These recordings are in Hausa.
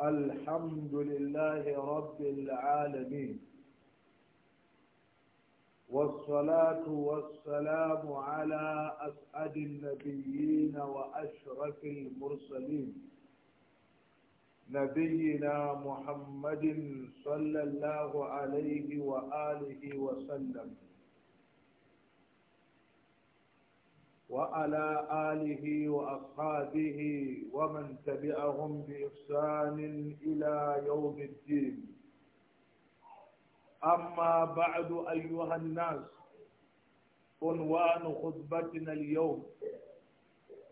الحمد لله رب العالمين والصلاة والسلام على أسعد النبيين وأشرف المرسلين نبينا محمد صلى الله عليه وآله وسلم وعلى آله وأصحابه ومن تبعهم بإحسان إلى يوم الدين أما بعد أيها الناس عنوان خطبتنا اليوم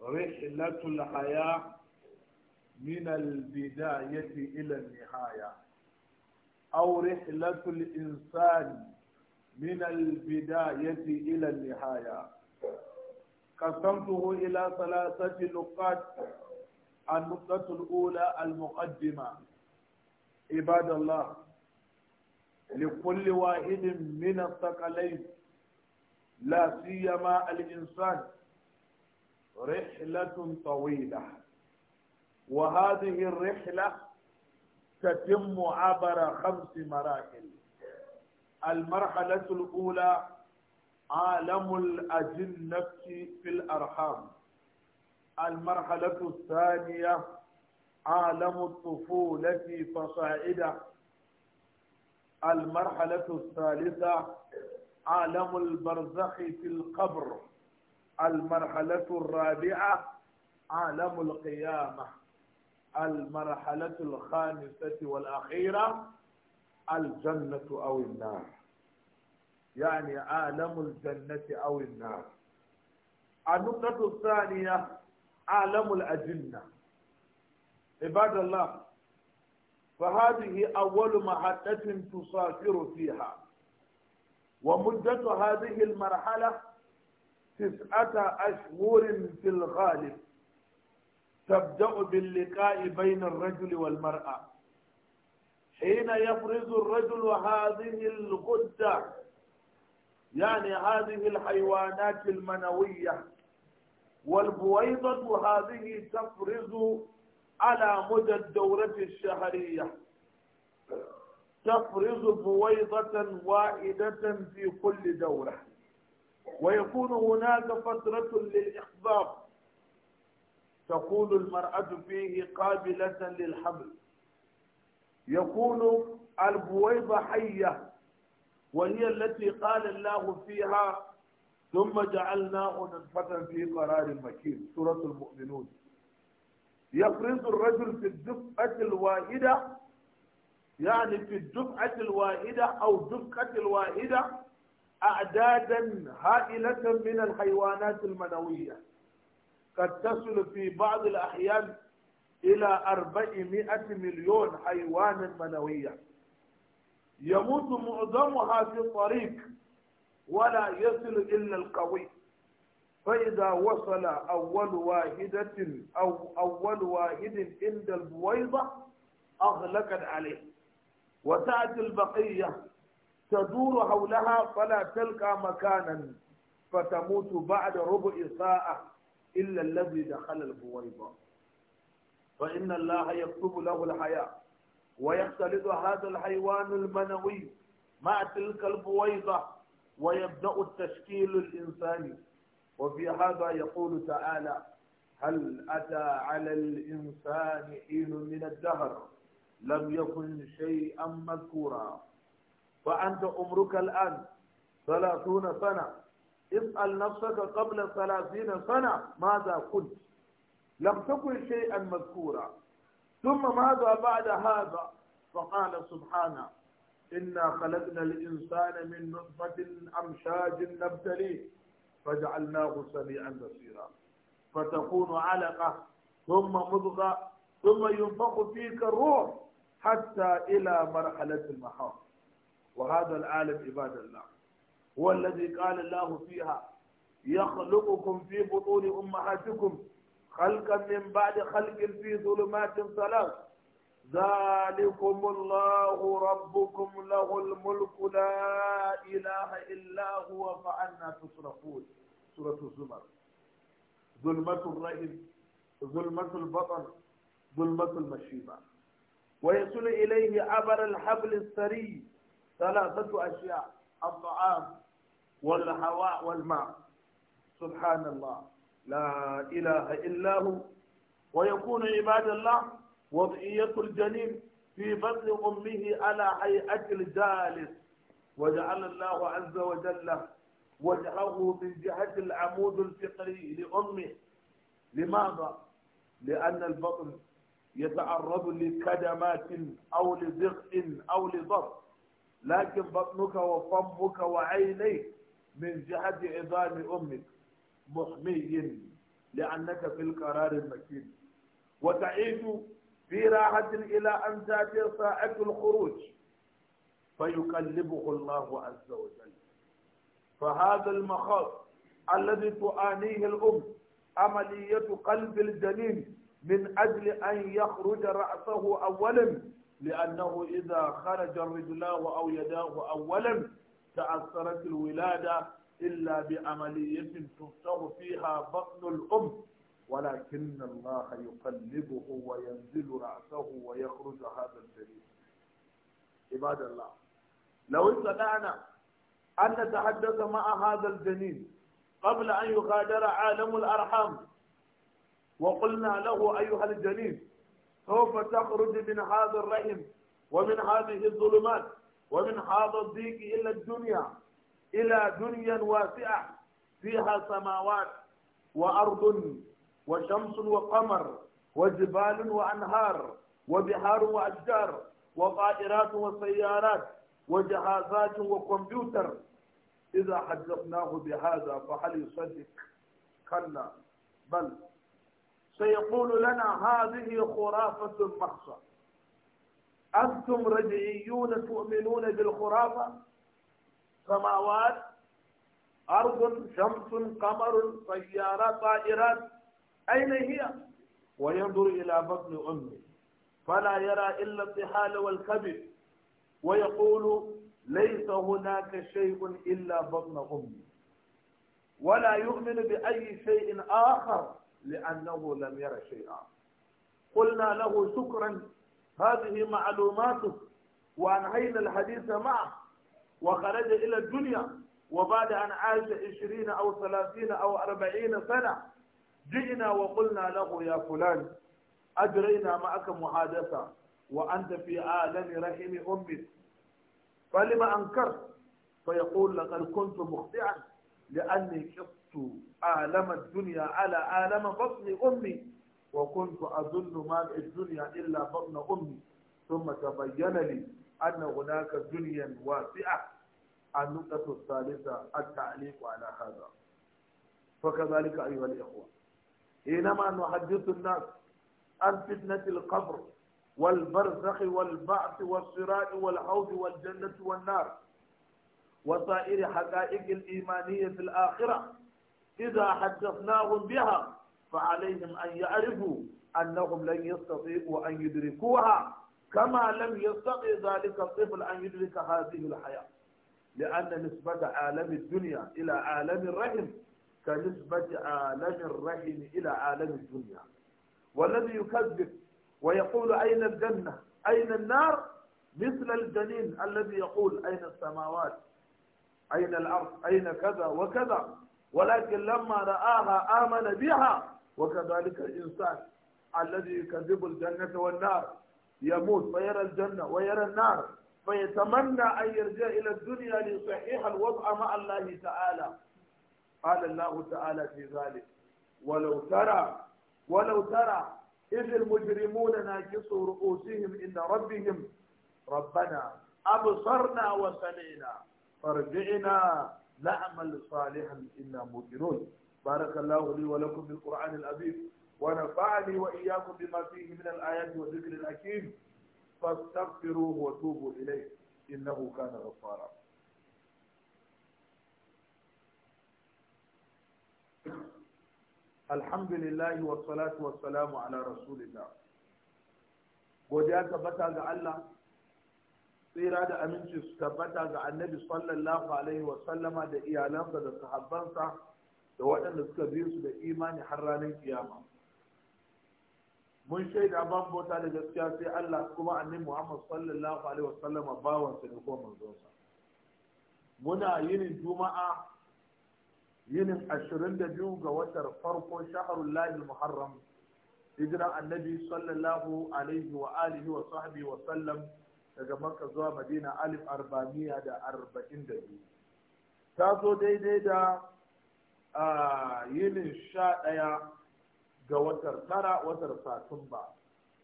رحلة الحياة من البداية إلى النهاية أو رحلة الإنسان من البداية إلى النهاية قسمته إلى ثلاثة نقاط النقطة الأولى المقدمة عباد الله لكل واحد من الثقلين لا سيما الإنسان رحلة طويلة وهذه الرحلة تتم عبر خمس مراحل المرحلة الأولى عالم الأجنة في الأرحام المرحلة الثانية عالم الطفولة فصاعدة المرحلة الثالثة عالم البرزخ في القبر المرحلة الرابعة عالم القيامة المرحلة الخامسة والأخيرة الجنة أو النار يعني عالم الجنة أو النار النقطة الثانية عالم الأجنة عباد الله فهذه أول محطة تسافر فيها ومدة هذه المرحلة تسعة أشهر في الغالب تبدأ باللقاء بين الرجل والمرأة حين يفرز الرجل هذه الغدة يعني هذه الحيوانات المنوية والبويضة هذه تفرز على مدى الدورة الشهرية تفرز بويضة واحدة في كل دورة ويكون هناك فترة للإخبار تكون المرأة فيه قابلة للحمل يكون البويضة حية وهي التي قال الله فيها ثم جعلناه نطفة في قرار مكين سورة المؤمنون يفرز الرجل في الدفعة الواحدة يعني في الدفعة الواحدة أو دفعة الواحدة أعدادا هائلة من الحيوانات المنوية قد تصل في بعض الأحيان إلى 400 مليون حيوانا منوية يموت معظمها في الطريق ولا يصل إلا القوي فإذا وصل أول واحدة أو أول واحد عند البويضة أغلقت عليه وتأتي البقية تدور حولها فلا تلقى مكانا فتموت بعد ربع ساعة إلا الذي دخل البويضة فإن الله يكتب له الحياة ويختلط هذا الحيوان المنوي مع تلك البويضة ويبدأ التشكيل الإنساني وفي هذا يقول تعالى هل أتى على الإنسان حين من الدهر لم يكن شيئا مذكورا فأنت عمرك الآن ثلاثون سنة اسأل نفسك قبل ثلاثين سنة ماذا كنت لم تكن شيئا مذكورا ثم ماذا بعد هذا فقال سبحانه إنا خلقنا الإنسان من نطفة أمشاج نبتليه فجعلناه سميعا بصيرا فتكون علقة ثم مضغة ثم ينفخ فيك الروح حتى إلى مرحلة المحاضر وهذا العالم عباد الله هو الذي قال الله فيها يخلقكم في بطون أمهاتكم خلقا من بعد خلق في ظلمات ثلاث ذلكم الله ربكم له الملك لا إله إلا هو فأنا تصرفون سورة الزمر ظلمة الرئيس ظلمة البطن ظلمة المشيبة ويصل إليه عبر الحبل الثري ثلاثة أشياء الطعام والهواء والماء سبحان الله لا إله إلا هو ويكون عباد الله وضعية الجنين في بطن أمه على هيئة الجالس وجعل الله عز وجل وجهه من جهة العمود الفقري لأمه لماذا؟ لأن البطن يتعرض لكدمات أو لضغط أو لضغط لكن بطنك وفمك وعينيك من جهة عظام أمك محمي لأنك في القرار المكين وتعيش في راحة إلى أن تأتي ساعة الخروج فيقلبه الله عز وجل فهذا المخاض الذي تعانيه الأم عملية قلب الجنين من أجل أن يخرج رأسه أولا لأنه إذا خرج رجلاه أو يداه أولا تأثرت الولادة إلا بعملية تفتر فيها بطن الأم ولكن الله يقلبه وينزل رأسه ويخرج هذا الجليل عباد الله لو استطعنا أن نتحدث مع هذا الجنين قبل أن يغادر عالم الأرحام وقلنا له أيها الجنين سوف تخرج من هذا الرحم ومن هذه الظلمات ومن هذا الضيق إلى الدنيا إلى دنيا واسعة فيها سماوات وأرض وشمس وقمر وجبال وأنهار وبحار وأشجار وطائرات وسيارات وجهازات وكمبيوتر إذا حدثناه بهذا فهل يصدق كلا بل سيقول لنا هذه خرافة محصى أنتم رجعيون تؤمنون بالخرافة سماوات أرض شمس قمر سيارة طائرات أين هي وينظر إلى بطن أمه فلا يرى إلا الطحال والكبد ويقول ليس هناك شيء إلا بطن أمي ولا يؤمن بأي شيء آخر لأنه لم ير شيئا قلنا له شكرا هذه معلوماته وأنهينا الحديث معه وخرج إلى الدنيا وبعد أن عاش عشرين أو ثلاثين أو أربعين سنة جئنا وقلنا له يا فلان أجرينا معك محادثة وأنت في عالم رحم أمك فلما أنكر فيقول لقد كنت مخطئا لأني شفت عالم الدنيا على عالم بطن أمي وكنت أظن ما في الدنيا إلا بطن أمي ثم تبين لي أن هناك دنيا واسعة النقطة الثالثة التعليق على هذا فكذلك أيها الإخوة حينما نحدث الناس عن فتنة القبر والبرزخ والبعث والصراط والحوض والجنة والنار وسائر حقائق الإيمانية في الآخرة إذا حدثناهم بها فعليهم أن يعرفوا أنهم لن يستطيعوا أن يدركوها كما لم يستطع ذلك الطفل أن يدرك هذه الحياة لأن نسبة عالم الدنيا إلى عالم الرحم كنسبة عالم الرحم إلى عالم الدنيا والذي يكذب ويقول أين الجنة أين النار مثل الجنين الذي يقول أين السماوات أين الأرض أين كذا وكذا ولكن لما رآها آمن بها وكذلك الإنسان الذي يكذب الجنة والنار يموت فيرى الجنة ويرى النار فيتمنى أن يرجع إلى الدنيا ليصحح الوضع مع الله تعالى قال الله تعالى في ذلك ولو ترى ولو ترى إذ المجرمون ناكسوا رؤوسهم إن ربهم ربنا أبصرنا وسمعنا فارجعنا نعمل صالحا إنا موقنون بارك الله لي ولكم بالقرآن العظيم ونفعني وإياكم بما فيه من الآيات والذكر الحكيم فاستغفروه وتوبوا إليه إنه كان غفارا الحمد لله والصلاة والسلام على رسول الله godiya tabbata ga Allah tsira da aminci su tabbata ga annabi sallallahu alaihi wa sallama da iyalansa da sahabbansa da waɗanda suka biyo su da imani har ranar kiyama mun shaida ban bauta da gaskiya sai Allah kuma annabi Muhammad sallallahu alaihi wasallama bawan sa ne ko manzon sa muna yinin juma'a yinin 22 ga watar farko shahrul lahi muharram hijiran annabi sallallahu alaihi wa alihi wa sahbi wa sallam daga makka zuwa madina alif arba'miya da arba'in da biyu ta zo daidai da ah, yinin sha ɗaya ga watar tara watar satumba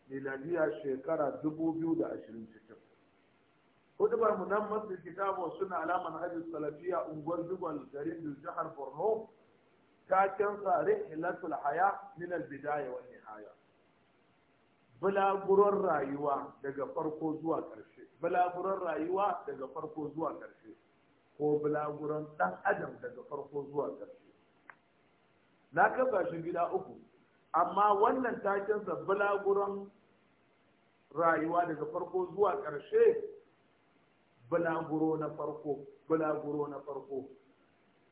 miladiya shekara ashirin cikin hudubar mu nan masu kitabu suna alaman hajji salafiya unguwar dubal garin jihar borno ta canza rihilatul haya min albidaya wa nihaya bulaguron rayuwa daga farko zuwa rayuwa daga farko zuwa ƙarshe ko bulaguron ɗan adam daga farko zuwa ƙarshe na kafa shi gida uku amma wannan takensa bulaguran rayuwa daga farko zuwa ƙarshe bulaguro na farko bulaguro na farko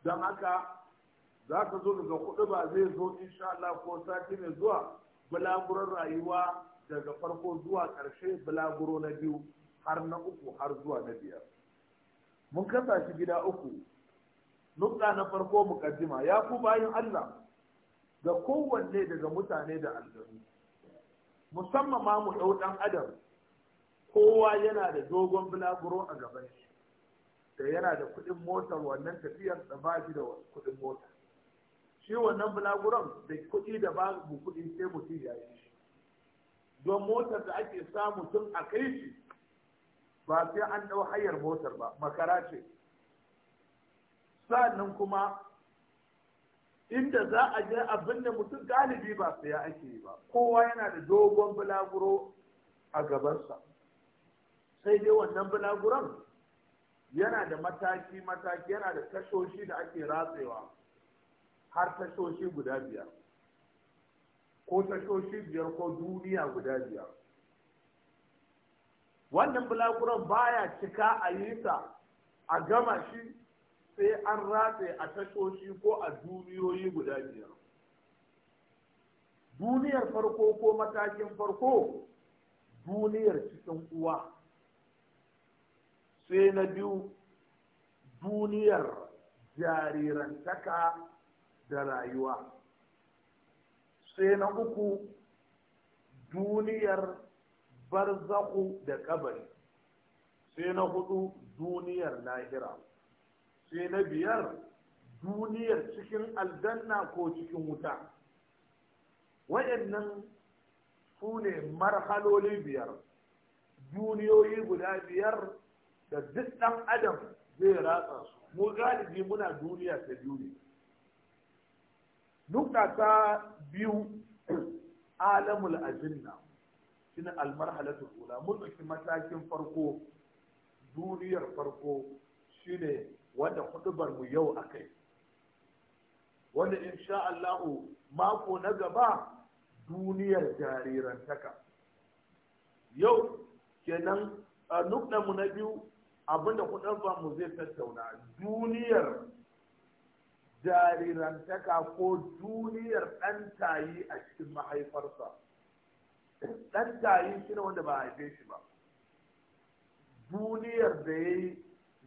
don haka za ka zo daga kudu ba zai zo insha Allah ko sati mai zuwa bulaguran rayuwa daga farko zuwa ƙarshe bulaguro na biyu har na uku har zuwa na biyar mun kasa gida uku nukta na farko mukaddima ya ku bayan Allah Da kowanne daga mutane da aljanu musamman ma mu ɗau ɗan adam kowa yana da dogon bulaguro a gaban shi da yana da kuɗin motar wannan tafiyar da ba da kuɗin mota shi wannan bulaguron da kuɗi da ba mu kuɗi sai mutum ya yi shi don motar da ake samu tun a kai shi ba sai an ɗau hayar motar ba makara ce sa'annan kuma inda za a je abin da mutum galibi ba saya ake yi ba kowa yana da dogon bulaguro a gabansa sai dai wannan bulaguron yana da mataki-mataki yana da tashoshi da ake ratsewa har tashoshi guda biyar ko tashoshi biyar ko duniya guda biyar wannan bulaguron baya cika a yi sa a gama shi sai an ratse a tashoshi ko a duniyoyi guda biyar duniyar farko ko matakin farko duniyar cikin uwa sai na biyu duniyar jarirantaka da rayuwa sai na uku duniyar barzaku da kabari sai na hudu duniyar lahira sai na biyar duniyar cikin aljanna ko cikin wuta wayannan su ne marhaloli biyar duniyoyi guda biyar da duk ɗan adam zai ratsa su mu galibi muna duniya ta biyu ne nukta ta biyu alamul ajinna shine almarhalatu ula mun ɗauki matakin farko duniyar farko shine wanda hudubar mu yau akai wanda insha Allah mako na gaba duniyar jarirantaka yau kenan nukna mu na biyu abinda hudubar mu zai tattauna duniyar jarirantaka ko duniyar ɗantayi a cikin mahaifarsa ɗantayi shi ne wanda ba a haife shi ba duniyar da ya yi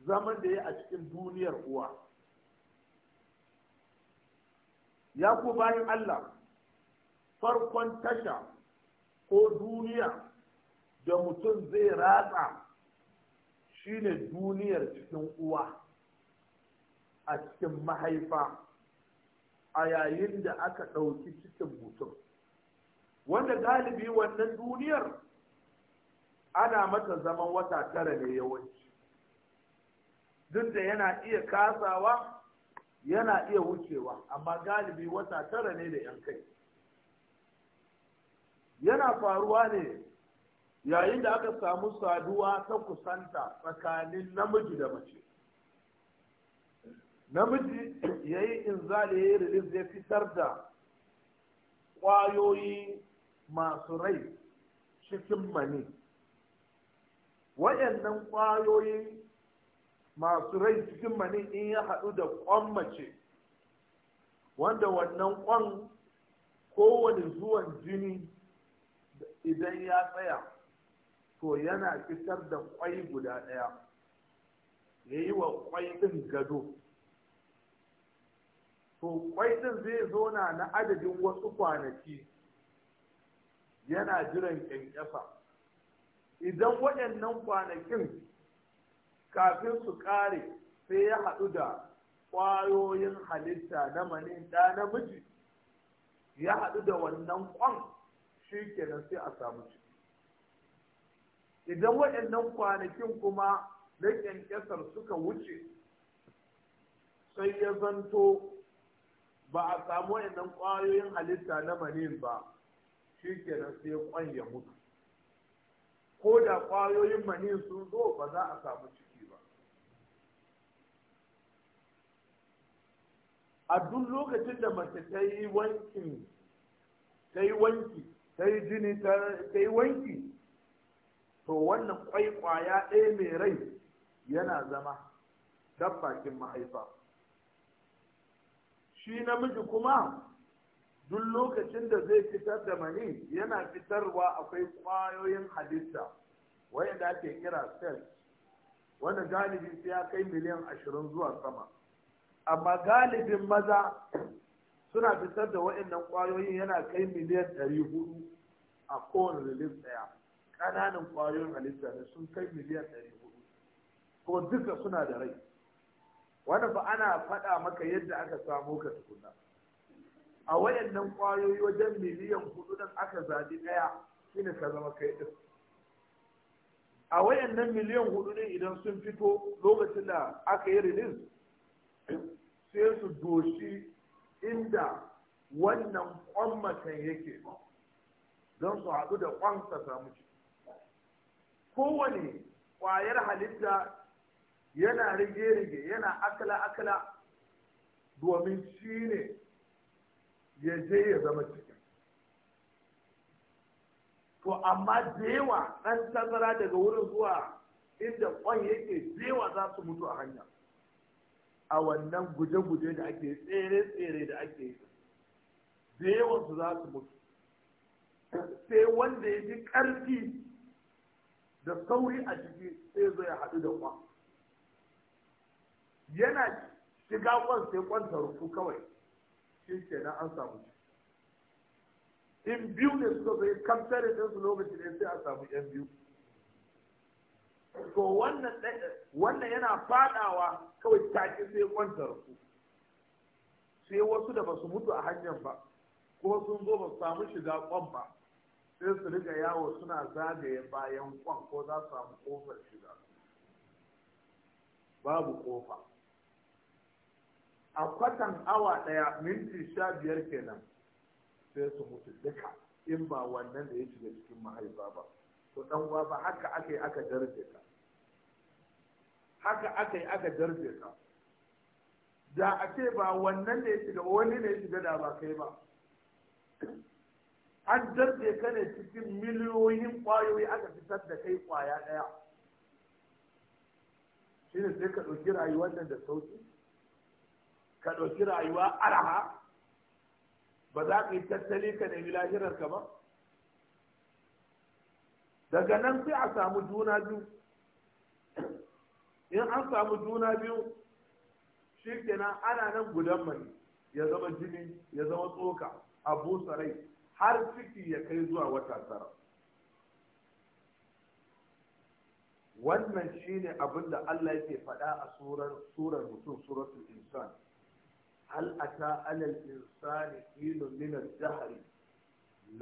zaman da ya a cikin duniyar uwa ya ku bayan Allah farkon tasha ko duniya da mutum zai ratsa shine duniyar cikin uwa a cikin mahaifa a yayin da aka ɗauki cikin mutum wanda galibi wannan duniyar ana mata zaman wata tara ne yawanci duk da yana iya kasawa yana iya wucewa amma galibi wata tara ne da yan kai yana faruwa ne yayin da aka samu saduwa ta kusanta tsakanin namiji da mace namiji ya yi inzali ya yi rilis ya fitar da ƙwayoyi masu rai cikin mani waɗannan ƙwayoyi masu rai cikin mani in ya haɗu da ƙwan mace wanda wannan ƙwan kowane zuwan jini idan ya tsaya to yana fitar da ƙwai guda ɗaya ya yi wa ƙwai ɗin gado to ƙwai ɗin zai zona na adadin wasu kwanaki yana jiran ƙyanƙyasa idan waɗannan kwanakin kafin su kare sai ya haɗu da ƙwayoyin halitta na mani ɗa namiji ya haɗu da wannan ƙwan shi kenan sai a samu ciki idan waɗannan kwanakin kuma na ƙyanƙyasar suka wuce sai ya zanto ba a samu waɗannan ƙwayoyin halitta na mani ba shi kenan sai ƙwan ya mutu ko da ƙwayoyin mani sun zo ba za a samu ciki a duk lokacin da mace ta yi wanki ta yi wanki ta yi jini ta yi wanki to wannan kwai ɗaya mai rai yana zama dabbakin mahaifa shi namiji kuma duk lokacin da zai fitar da mani yana fitarwa akwai kwayoyin halitta wanda ake kira cells wanda galibi sai ya kai miliyan ashirin zuwa sama amma galibin maza suna fitar da waɗannan ƙwayoyin yana kai miliyan ɗari a kowane rilis ɗaya ƙananan ƙwayoyin halitta ne sun kai miliyan ɗari ko duka suna da rai wani ba ana faɗa maka yadda aka samo ka tukuna a wa'annan ƙwayoyi wajen miliyan hudu ɗin aka zaɓi ɗaya shine ka zama kai ɗin a wa'annan miliyan hudu ne idan sun fito lokacin da aka yi rilis sai su doshi inda wannan kwan macen yake don su haɗu da kwan sa samu ci kowane ƙwayar halitta yana rige-rige yana akala-akala domin shi ne ya je ya zama cikin to amma dewa ɗan tazara daga wurin zuwa inda ƙwan yake dewa za su mutu a hanya a wannan guje-guje da ake tsere-tsere da ake yi da su za su mutu sai wanda ya fi ƙarfi da sauri a ciki sai zo haɗu da kwan yana shiga kwan sai kwanta rufu kawai shi na an samu shi in biyu ne suka zai kamtare ɗinsu lokaci ne sai a samu yan biyu to wannan wannan yana fadawa kawai take sai kwanta ku sai wasu da basu mutu a hanyar ba ko sun zo ba samu shiga kwan ba sai su riga yawo suna zagaye bayan kwan ko za su samu kofar shiga babu kofa a kwatan awa daya minti sha biyar kenan sai su mutu duka in ba wannan da ya shiga cikin mahaifa ba to dan uwa ba haka aka yi aka darje ka haka aka yi aka darje ka da a ce ba wannan ne shiga wani ne shiga da ba kai ba an darje ka ne cikin miliyoyin kwayoyi aka fitar da kai kwaya daya shine sai ka ɗauki rayuwar nan da sauki ka ɗauki rayuwa araha ba za ka yi tattali ka nemi lahirar ka ba daga nan sai a samu juna biyu in an samu juna biyu shi kenan ana nan gudan mai ya zama jini ya zama tsoka a busa rai har ciki ya kai zuwa wata tara wannan shine abin da Allah yake faɗa a surar surar mutum suratul insan hal ata alal insani ilu min al-jahri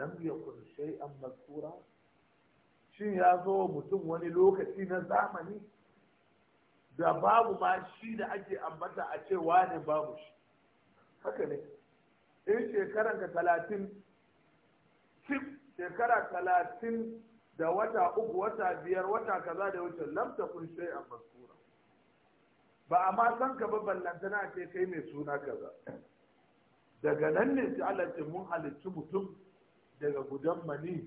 lam yakun shay'an mazkura shin ya zo mutum wani lokaci na zamani da babu ma shi da ake ambata a ce wane babu shi haka ne in shekaran ka talatin cif shekara talatin da wata uku wata biyar wata kaza da wuce lamta kun shai a maskura ba a ma san ka ba ballantana ce kai mai suna kaza daga nan ne ta Allah mun halittu mutum daga gudan mani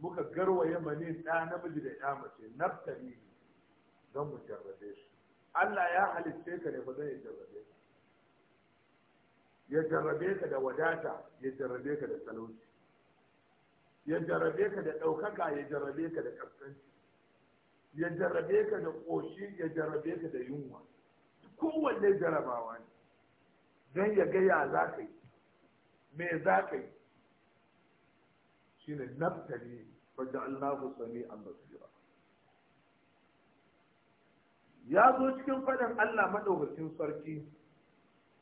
muka garwaye mani ɗa namiji da ya mace naftari don mu jarrabe shi Allah ya halitte ka ne ba zai jarrabe ka ya jarrabe ka da wadata ya jarrabe ka da talauci ya jarrabe ka da ɗaukaka ya jarrabe ka da ƙasƙanci ya jarrabe ka da ƙoshi ya jarrabe ka da yunwa kowanne jarrabawa ne don ya gaya za ka yi me za ka yi shine naftali faja'alnahu sami'an basira ya zo cikin faɗin Allah madaukakin sarki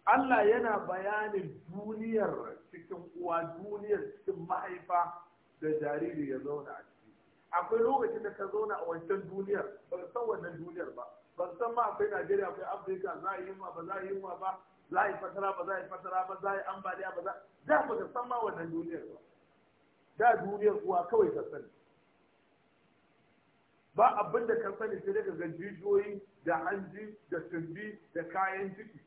Allah yana bayanin duniyar cikin uwa duniyar cikin mahaifa da jariri ya zauna a ciki akwai lokacin da ka zauna a wancan duniyar ba san wannan duniyar ba ba san ma akwai Najeriya akwai Afirka za a yi yunwa ba za a yi yunwa ba za a yi fatara ba za a yi fatara ba za a yi ambaliya ba za a ba san ma wannan duniyar ba da duniyar uwa kawai ta sani ba abin da ka sani sai daga jijiyoyi da hanji da tumbi da kayan ciki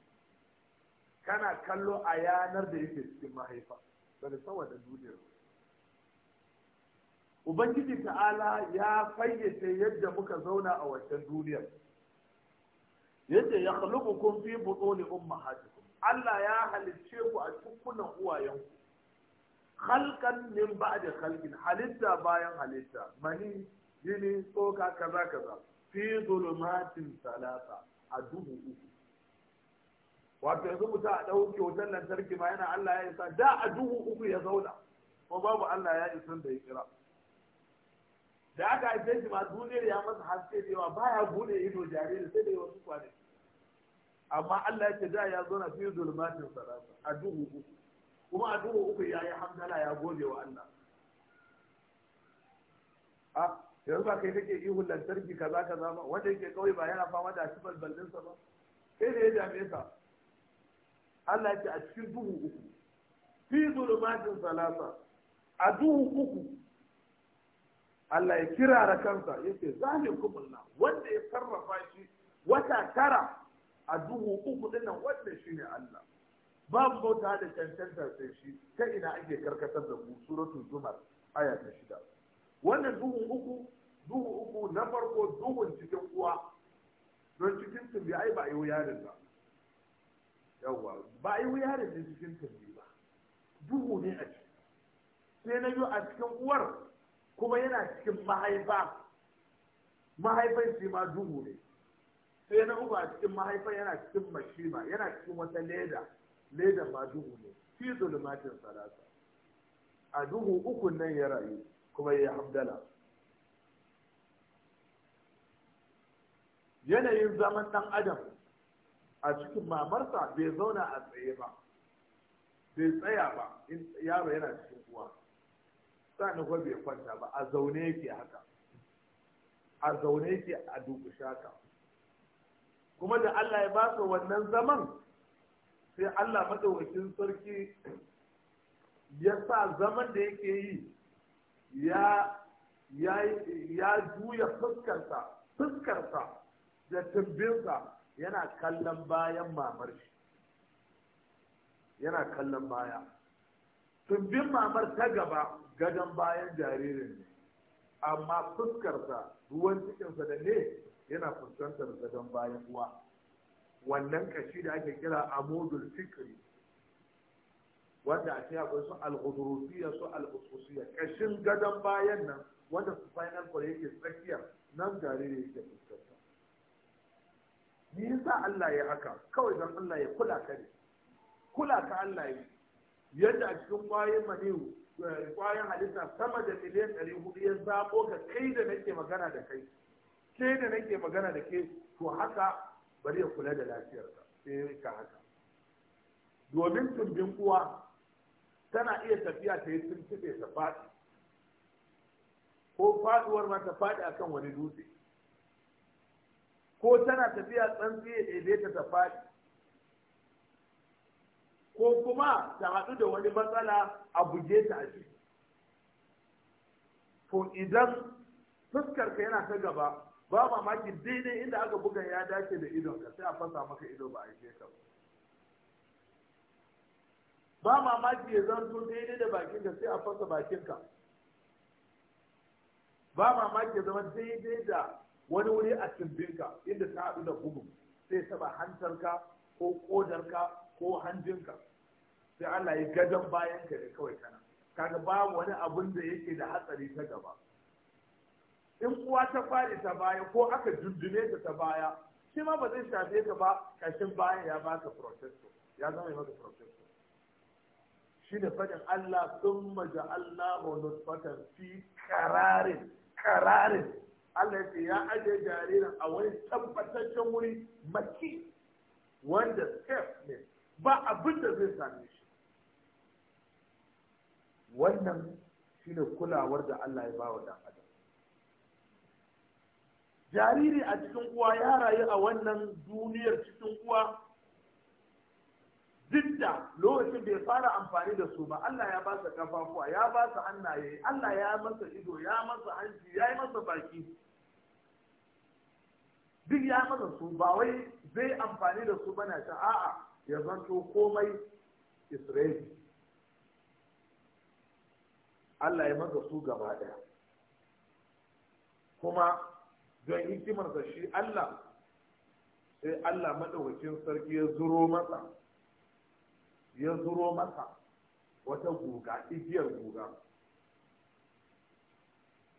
kana kallo a yanar da yake cikin mahaifa da duniyar ubangiji ta'ala ya fayyace yadda muka zauna a wancan duniyar yadda ya kun fi umma ummahatikum Allah ya halicce ku a cikunan uwayenku halkan min da halkin halitta bayan halitta mani jini tsoka kaza kaza fi zulumatin salasa a dubu uku wato yanzu mu a dauke kyautar lantarki ma yana Allah ya isa da a dubu uku ya zauna ko babu Allah ya isa da ya kira da aka haife shi ma duniyar ya masa haske da yawa baya bude ido jariri sai da wasu kwanaki amma Allah ya ce da ya zauna fi zulumatin salasa a dubu uku kuma a duhu uku ya yi hamdala ya gode wa Allah a ah, yanzu ba kai kake ihun lantarki kaza kaza ba wanda yake kawai ba yana fama da asibal ba sai da ya dame ka Allah ce a cikin duhu uku fi zulumatin salasa a duhu uku Allah ya kirara kansa yace zalikum Allah wanda ya sarrafa shi wata tara a duhu uku dinnan wanda shine Allah babu bauta da cancanta sai shi ta ina ake karkatar da mu suratul zumar aya ta shida wannan duhun uku duhu uku na farko duhun cikin uwa don cikin tumbi ai ba a yi wuyarin ba yawwa ba a yi wuya ne cikin tumbi ba duhu ne a ciki sai na yi a cikin uwar kuma yana cikin mahaifa mahaifan shi ma duhu ne sai na uku a cikin mahaifa yana cikin mashima yana cikin wata leda ledan ma duhu ne fi zulumatin salasa a duhu ukun nan ya rayu kuma ya hamdala yanayin zaman dan adam a cikin mamarsa bai zauna a tsaye ba bai tsaya ba yaro yana cikin uwa sani ko bai kwanta ba a zaune yake haka a zaune yake a duk shaka. kuma da Allah ya ba su wannan zaman sai Allah madaukakin sarki ya sa zaman da yake yi ya juya fuskarsa fuskarsa da tumbinsa yana kallon bayan mamar shi yana kallon baya tumbin mamar ta gaba gadon bayan jaririn ne amma fuskarsa ruwan cikinsa da ne yana fuskantar gadon bayan uwa wannan kashi da ake kira amudul fikri wanda ake cikin akwai su al su al kashin gadon bayan nan wanda final cord yake tsakiya nan jariri yake fuskanta Ni yasa Allah ya haka kawai dan Allah ya kula ka ne kula ka Allah ya yadda a cikin kwayoyin maniyu eh, kwayoyin halitta sama da miliyan ɗari hudu ya zaɓo ka kai da nake magana da kai kai da nake magana da ke to haka bari ya kula da lafiyarka sai ka haka domin tumbin uwa tana iya tafiya ta yi tuntube ta faɗi ko faɗuwar ma ta faɗi akan wani dutse ko tana tafiya tsantsiye daidaita ta faɗi ko kuma ta haɗu da wani matsala a buge ta a ciki to idan fuskarka yana ta gaba ba mamaki daidai inda aka buga ya dace da idon ka sai a fasa maka ido ba a ka ba Ba mamaki ya zanto daidai da bakin ka sai a fasa bakin ka ba mamaki ya zama daidai da wani wuri a cimbinka inda ta haɗu da bugun sai taba hantarka ko ka ko hanjinka sai Allah ya gadon bayan ka ne kawai kana kaga ba wani abun da yake da hatsari ta gaba in kuwa ta fari ta baya ko aka dundune ta ta baya shi ma ba zai shafe ka ba kashin baya ya baka protesto ya zama yi maka protesto shi ne fadin Allah sun maja Allah wa nutfatan fi kararin kararin Allah ya ce ya ajiye jaririn a wani tabbataccen wuri maki wanda step ne ba abin da zai same shi wannan shi ne kulawar da Allah ya ba wa dan adam jariri a cikin uwa ya rayu a wannan duniyar cikin uwa duk da lokacin bai fara amfani da su ba Allah ya ba sa kafafuwa ya ba sa hannaye Allah ya masa ido ya masa hanci ya yi masa baki duk ya masa su ba wai zai amfani da su bana ta a'a ya zanto komai Isra'il Allah ya masa su gaba daya kuma don hikimarsa shi Allah sai Allah madaukakin sarki ya zuro masa ya zuro masa wata guga igiyar guga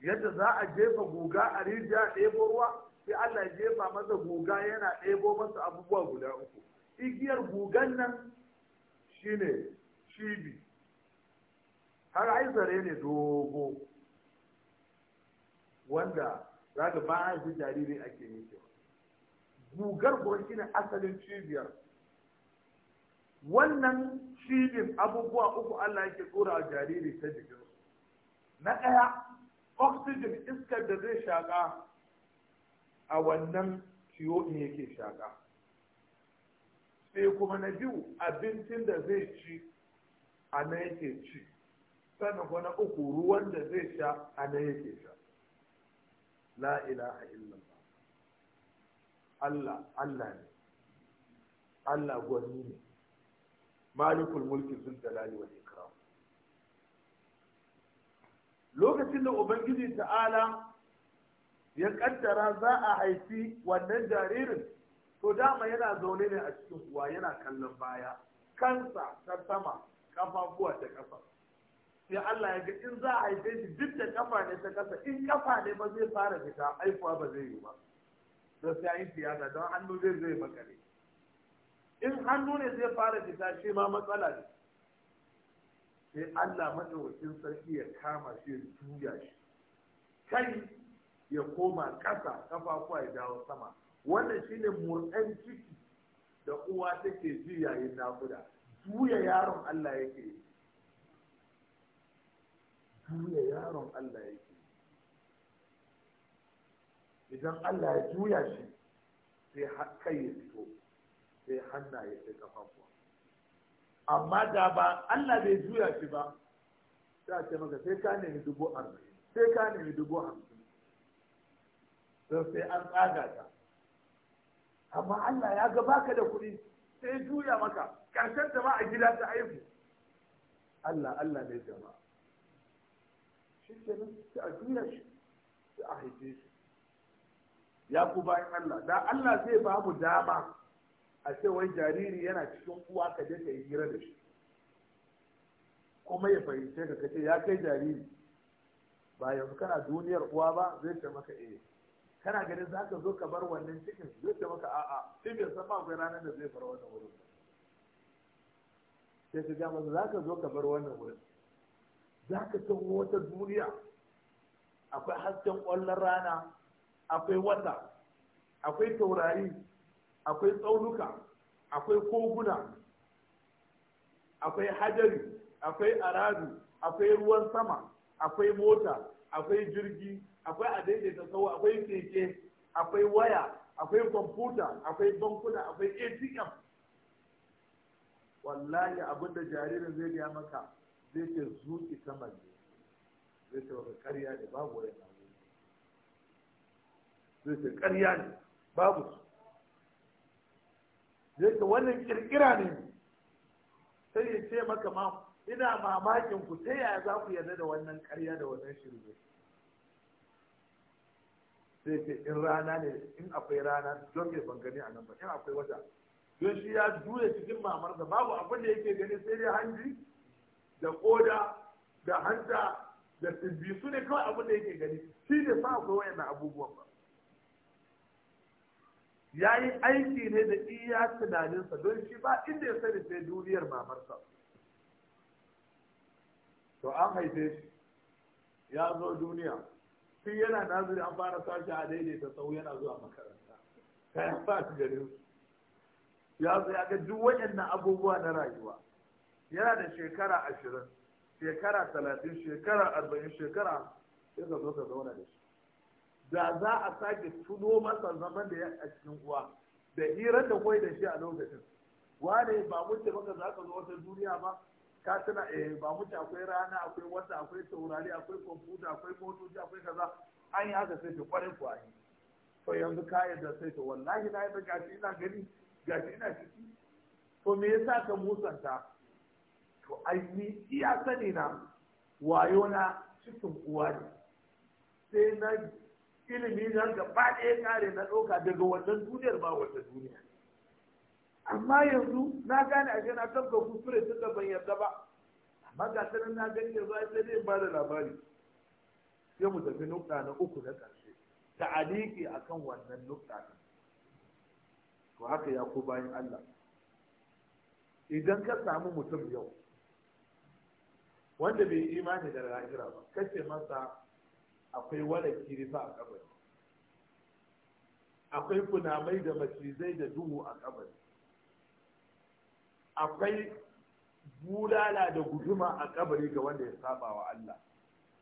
yadda za a jefa guga a rijiya ɗebo ruwa sai Allah jefa masa guga yana ɗebo masa abubuwa guda uku igiyar gugan nan shine cibi har aizare ne dogo wanda za ka ba a jariri ake yi kyau gugar kuma shine asalin cibiyar wannan cibin abubuwa uku Allah yake tsora a jariri ta jikin na ɗaya oxygen iskar da zai shaƙa a wannan ciwo in yake shaƙa sai kuma na biyu abincin da zai ci a na yake ci sannan kuma na uku ruwan da zai sha a na yake sha la ilaha illallah Allah Allah ne Allah gwani ne malikul mulki zul jalali wal ikram lokacin da ubangiji ta'ala ya kaddara za a haifi wannan jaririn to dama yana zaune ne a cikin uwa yana kallon baya kansa ta sama kafafuwa ta kafa sai Allah ya ga in za a haife shi duk da kafa ne ta kasa in kafa ne ba zai fara fita aikuwa ba zai yi ba da sai yi siyasa don hannu zai zai makare in hannu ne zai fara fita shi ma matsala ne sai Allah madawacin sarki ya kama shi ya juya shi kai ya koma ƙasa kuwa ya dawo sama wannan shine murɗan ciki da uwa take ji yayin nakuda juya yaron Allah yake yi juya yaron Allah yake idan Allah ya juya shi sai kai ya fito sai hannaye sai kafafuwa amma da ba Allah bai juya shi ba za ce maka sai ka nemi dubu arziki, sai ka nemi dubu hamsin don sai an tsaga ta amma Allah ya ga baka da kuɗi sai juya maka ƙarshen ta ma a gida ta aiki. Allah Allah ne jama'a shi kenan sai a duniya shi sai a haife shi ya ku bayan Allah da Allah zai ba mu dama a ce wai jariri yana cikin uwa ka je ka yi hira da shi kuma ya fahimce ka kace ya kai jariri ba yanzu kana duniyar uwa ba zai ce maka eh kana ganin za ka zo ka bar wannan cikin zai ce maka a'a sai bai san ba akwai ranar da zai bar wannan wurin sai ka ga masa za ka zo ka bar wannan wurin za ka san wata duniya akwai hasken ƙwallon rana akwai wata akwai taurari akwai tsaunuka akwai koguna akwai hajari akwai aradu akwai ruwan sama akwai mota akwai jirgi akwai adaidaita sau akwai keke akwai waya akwai kwamfuta akwai bankuna akwai atm wallahi abinda jaririn zai gaya maka zai ce zuƙi saman ne zai ce wata ƙarya ne babu wani abu zai ce ƙarya ne babu su zai ce wannan ƙirƙira ne sai ya ce maka ma ina mamakin ku ta yaya za ku yarda da wannan ƙarya da wannan shirme sai ce in rana ne in akwai rana don ya ban a nan ba in akwai wata don shi ya juya cikin mamarsa babu abin da yake gani sai dai hanji da koda da hanta da tsibbi su ne kawai abin da yake gani shi ne sa akwai na abubuwan ba ya yi aiki ne da iya tunaninsa don shi ba inda ya sani sai duniyar mamarsa to an haife shi ya zo duniya tun yana naziri an fara sashi a daidaita sau yana zuwa makaranta kayan ba su garin ya zo ya ga duk waɗannan abubuwa na rayuwa yana da shekara ashirin shekara talatin shekara arba'in shekara sai ka zo ka zauna da shi da za a sake tuno masa zaman da ya a cikin uwa da hirar da kwai da shi a lokacin wane ba mutu maka za ka zo wata duniya ba ka tuna eh ba mutu akwai rana akwai wata akwai taurari akwai kwamfuta akwai motoci akwai kaza an yi haka sai ta kwarai ku an yi to yanzu ka yadda sai ta wallahi na yarda gashi ina gani gashi ina ciki to me yasa ka musanta to ai ni iya sani na wayo na cikin uwa ne sai na ilimi na gaba ɗaya kare na ɗauka daga wannan duniyar ba wata duniya amma yanzu na gane a na tabba kuskure tun da ban yarda ba amma ga sanin na gani yanzu ai sai dai ba da labari sai mu tafi nukta na uku na ƙarshe ta aliki kan wannan nukta ɗin to haka ya ku bayan Allah idan ka samu mutum yau wanda bai imani da lahira ba kace masa akwai wadan kirifa a kabari akwai kunamai da macizai da duhu a kabari akwai bulala da guduma a kabari ga wanda ya saba wa Allah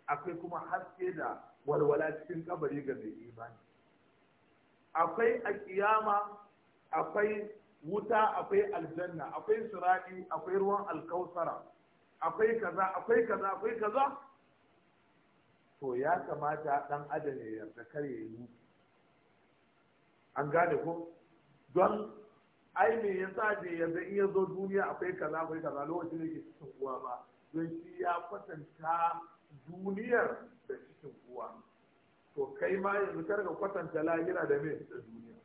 akwai kuma haske da walwala cikin kabari ga mai imani akwai a kiyama akwai wuta akwai aljanna akwai sirati akwai ruwan alkausara akwai kaza akwai kaza akwai kaza to ya kamata dan adam ya yarda kar ya yi an gane ko don ai me yasa bai yanzu in ya zo duniya akwai kaza akwai kaza lokacin da ke cikin uwa ba don shi ya kwatanta duniyar da cikin uwa to kai ma yanzu kar ka kwatanta lahira da me da duniya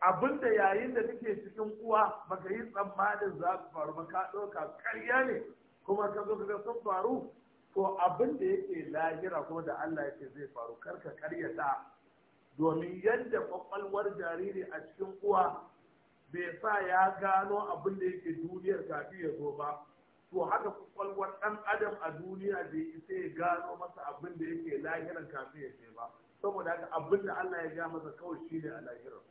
abinda yayin da kake cikin uwa baka yi tsammanin za su faru ba ka ɗauka karya ne kuma ka zo ka sun faru to abin yake lahira kuma da Allah yake zai faru karka karyata domin yadda kwakwalwar jariri a cikin uwa bai sa ya gano abin da yake duniyar kafi ya zo ba to haka kwakwalwar ɗan adam a duniya bai isa ya gano masa abin da yake lahiran kafi ya ce ba saboda haka abin da Allah ya ga masa kawai shine a lahirar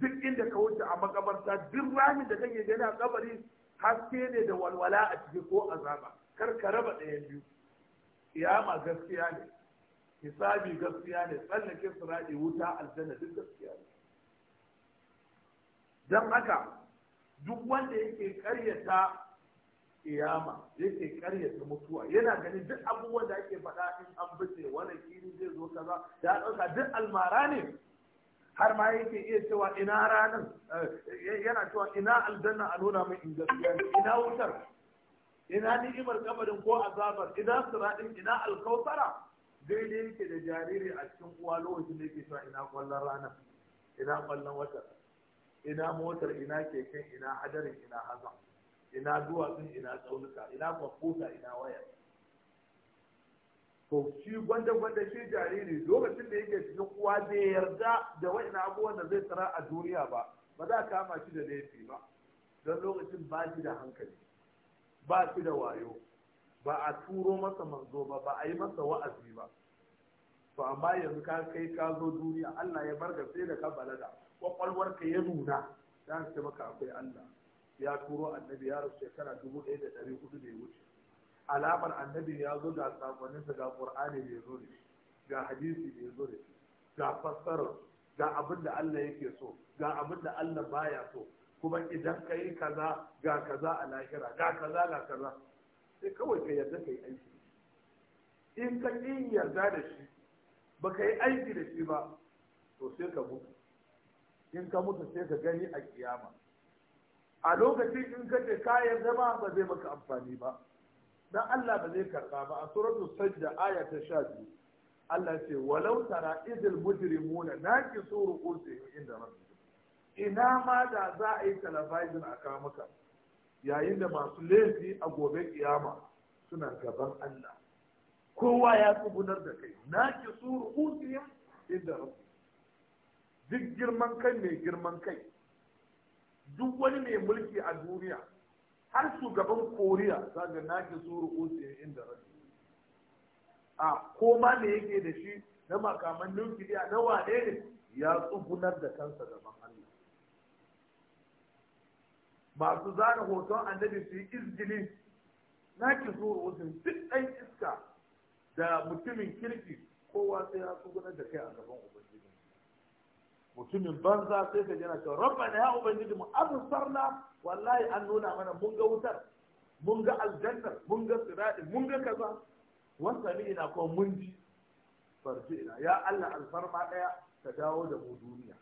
duk inda ka wuce a makabarta duk ramin da kan gani a kabari haske ne da walwala a ciki ko azaba kar ka raba ɗaya biyu kiyama gaskiya ne hisabi gaskiya ne tsallake sirati wuta aljanna duk gaskiya ne don haka duk wanda yake karyata kiyama yake karyata mutuwa yana ganin duk abubuwan da ake faɗa in an bace wani kiri zai zo kaza ya ɗauka duk almara ne har ma yake iya cewa ina ranar eh, yana cewa ina aljanna a nuna mai in gaskiya ina wutar ina ni'imar kabarin ko azabar ina siradin ina alkautara daidai yake da jariri a cikin uwa lokacin da yake cewa ina kwallon ranar ina kwallon watar ina motar ina keken ina hadarin ina hazan ina duwatsun ina tsaunuka ina kwamfuta ina wayar to shi gwanda-gwanda shi jariri lokacin da yake cikin uwa bai yarda da wani abubuwan da zai tsara a duniya ba ba za a kama shi da laifi ba don lokacin ba shi da hankali ba shi da wayo ba a turo masa manzo ba ba a yi masa wa'azi ba to amma yanzu ka kai ka zo duniya Allah ya bar sai da ka balaga ka ya nuna za ka ce maka akwai Allah ya turo annabi ya rasu shekara dubu ɗaya da ɗari hudu da ya wuce alamar annabi ya zo ga sakoninsa ga qur'ani mai zo ne ga hadisi mai zo ne ga fassarar ga abin da Allah yake so ga abin da Allah baya so kuma idan ka yi kaza ga kaza a lahira ga kaza ga kaza sai kawai ka yarda ka yi aiki in ka ƙi yarda da shi ba ka yi aiki da shi ba to sai ka mutu in ka mutu sai ka gani a kiyama a lokacin in ka ce ka yarda ba ba zai maka amfani ba dan Allah ba zai karba ba a suratul sajda aya ta 12 Allah ce walau tara idil mujrimuna naqisu ru'usihim inda rabbihim ina ma da za a yi television a kawo maka yayin da masu laifi a gobe kiyama suna gaban Allah kowa ya tsugunar da kai naqisu ru'usihim inda rabbihim duk girman kai mai girman kai duk wani mai mulki a duniya har shugaban koriya zaga na ki zuru inda rashi a koma ne yake da shi na makaman nukiliya na wane ne ya tsugunar da kansa gaban hannu? masu zana hoton annabi su yi izgili na ke zuru duk ɗan iska da mutumin kirki kowa sai ya tsugunar da kai a gaban ubangiji mutumin banza sai ka jana cewa rabbana ya ubangiji mu absarna wallahi an nuna mana mun ga wutar mun ga aljannar mun ga sirati mun ga kaza wasami ina ko mun ji farji ina ya Allah alfarma daya ka dawo da mu duniya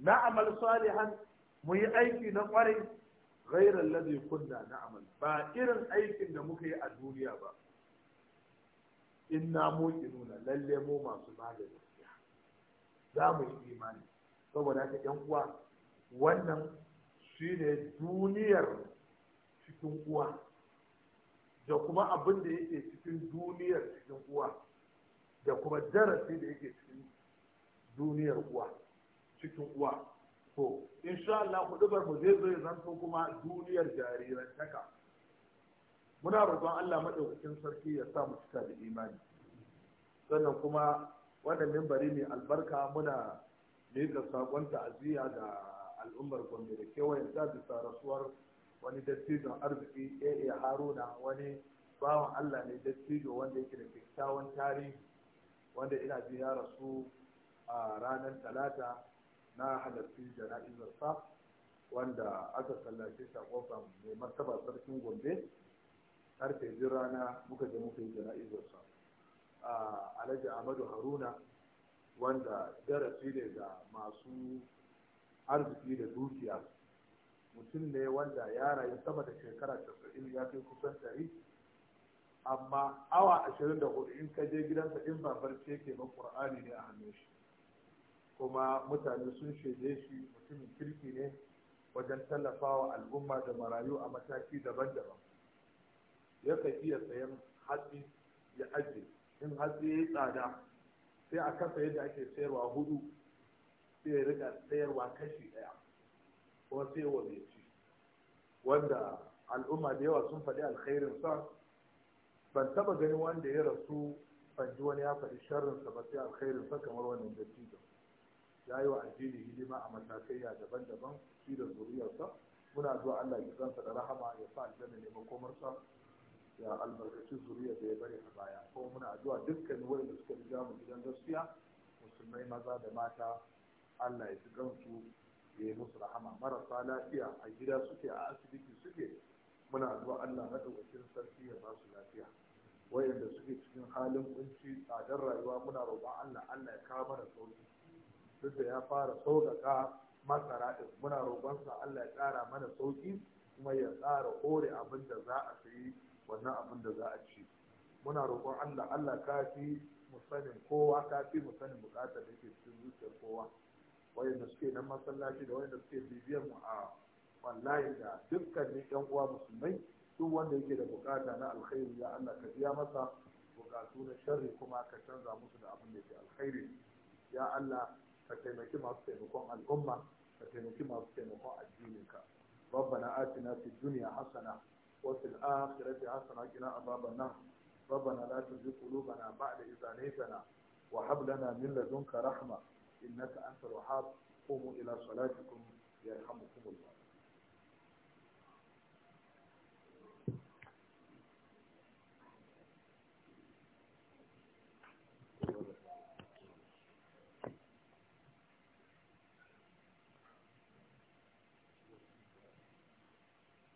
na amal salihan mu yi aiki na kwarai ghairar ladai kunna na ba irin aikin da muka yi a duniya ba inna muki nuna lalle mu masu magani za mu yi imani saboda haka yan uwa wannan shine duniyar cikin uwa da kuma abin da yake cikin duniyar cikin uwa da kuma darasi da yake cikin duniyar uwa cikin uwa to insha Allah kudubar mu zai zo ya zanto kuma duniyar jarirantaka muna roƙon Allah madaukakin sarki ya sa mu cika da imani sannan kuma wannan mimbari ne albarka muna miƙa saƙon ta'aziyya ga al'ummar gombe da kewayen ta bisa rasuwar wani dattijon arziki A Haruna wani bawan Allah ne dattijo wanda yake da kyakkyawan tarihi wanda ina ji ya rasu a ranar talata na halarci jana'izar sa wanda aka sallace shi a kofar mai martaba sarkin gombe karfe jin rana muka je muka yi jana'izar sa A alhaji ahmadu haruna wanda darasi ne ga masu arziki da dukiya mutum ne wanda ya rayu sama da shekara 90 ya kai kusan 100 amma awa 24 in ka je gidansa in ba barci yake ba qur'ani ne a hannun shi kuma mutane sun shaide shi mutumin kirki ne wajen tallafawa al'umma da marayu a mataki daban-daban yakan iya sayan hatsi ya ajiye in hatsi ya yi tsada sai a kasa yadda ake sayarwa hudu sai ya rika sayarwa kashi daya kuma sai ya ci wanda al'umma da yawa sun faɗi alkhairin sa ban taba gani wanda ya rasu ban ji wani ya faɗi sharrin sa ba sai alkhairin sa kamar wannan dattijo ya yi wa addini hidima a matakai ya daban-daban shi da zuriyarsa muna zuwa Allah ya zanta da rahama ya sa aljanna ne makomarsa ya albarkacin zuriya da ya bari a baya ko muna addu'a dukkan wanda suka riga mu gidan gaskiya musulmai maza da mata Allah ya ji gansu ya yi musu rahama marasa lafiya a gida suke a asibiti suke muna addu'a Allah ɗaukacin sarki ya ba su lafiya wayanda suke cikin halin kunci tsadar rayuwa muna roƙon Allah Allah ya kawo mana sauki duk da ya fara sauƙaƙa masara ɗin muna roƙonsa Allah ya ƙara mana sauki kuma ya tsara kore abin da za a sayi wannan abin da za a ci muna roƙon Allah Allah kafi musanin kowa kafi musanin bukatar sanin buƙatar da ke cikin zuciyar kowa wayanda suke nan masallaci da wayanda suke bibiyar mu a wallahi da dukkanin yan uwa musulmai duk wanda yake da bukata na alkhairi ya Allah ka biya masa bukatu na sharri kuma ka canza musu da abin da ke alkhairi ya Allah ka taimaki masu taimakon al'umma ka taimaki masu taimakon addininka ربنا آتنا في الدنيا حسنة وفي الآخرة حسنة قنا عذاب النار ربنا لا تزغ قلوبنا بعد إذ هديتنا وهب لنا من لدنك رحمة إنك أنت الوهاب قوموا إلى صلاتكم يرحمكم الله